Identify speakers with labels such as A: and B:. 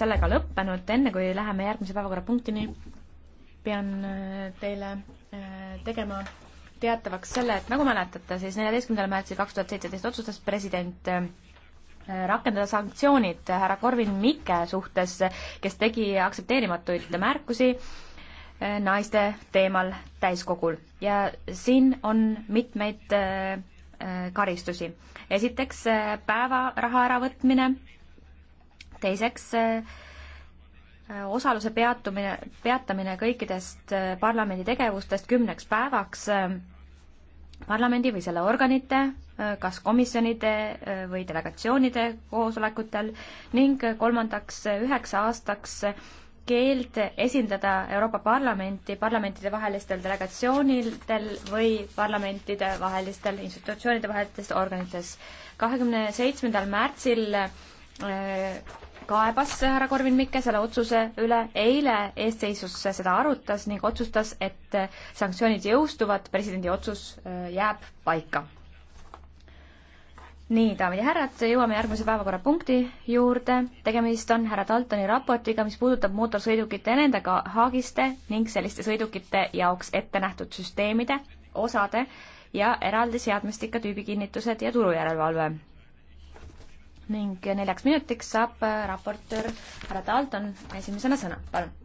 A: sellega lõppenud, enne kui läheme järgmise päevakorrapunktini, pean äh, teile äh, tegema teatavaks selle, et nagu mäletate, siis neljateistkümnendal märtsil kaks tuhat seitseteist otsustas president äh, rakendada sanktsioonid härra Korvin Mikke suhtes, kes tegi aktsepteerimatuid märkusi naiste teemal täiskogul ja siin on mitmeid karistusi. esiteks päevaraha äravõtmine teiseks, äh, osaluse peatumine, peatamine kõikidest äh, parlamendi tegevustest kümneks päevaks äh, parlamendi või selle organite, kas komisjonide või delegatsioonide koosolekutel ning kolmandaks üheks aastaks keeld esindada Euroopa Parlamenti parlamentidevahelistel delegatsioonidel või parlamentidevahelistel institutsioonide vahelistes organites. kahekümne seitsmendal märtsil kaebas härra Korvin Mikke selle otsuse üle, eile eestseisus seda arutas ning otsustas, et sanktsioonid jõustuvad, presidendi otsus äh, jääb paika. nii, daamid ja härrad, jõuame järgmise päevakorrapunkti juurde. tegemist on härra Daltoni raportiga, mis puudutab mootorsõidukite enendaga haagiste ning selliste sõidukite jaoks ette nähtud süsteemide, osade ja eraldi seadmestike tüübikinnitused ja turujärelevalve ning neljaks minutiks saab äh, raportöör härra Dalton esimesena sõna, palun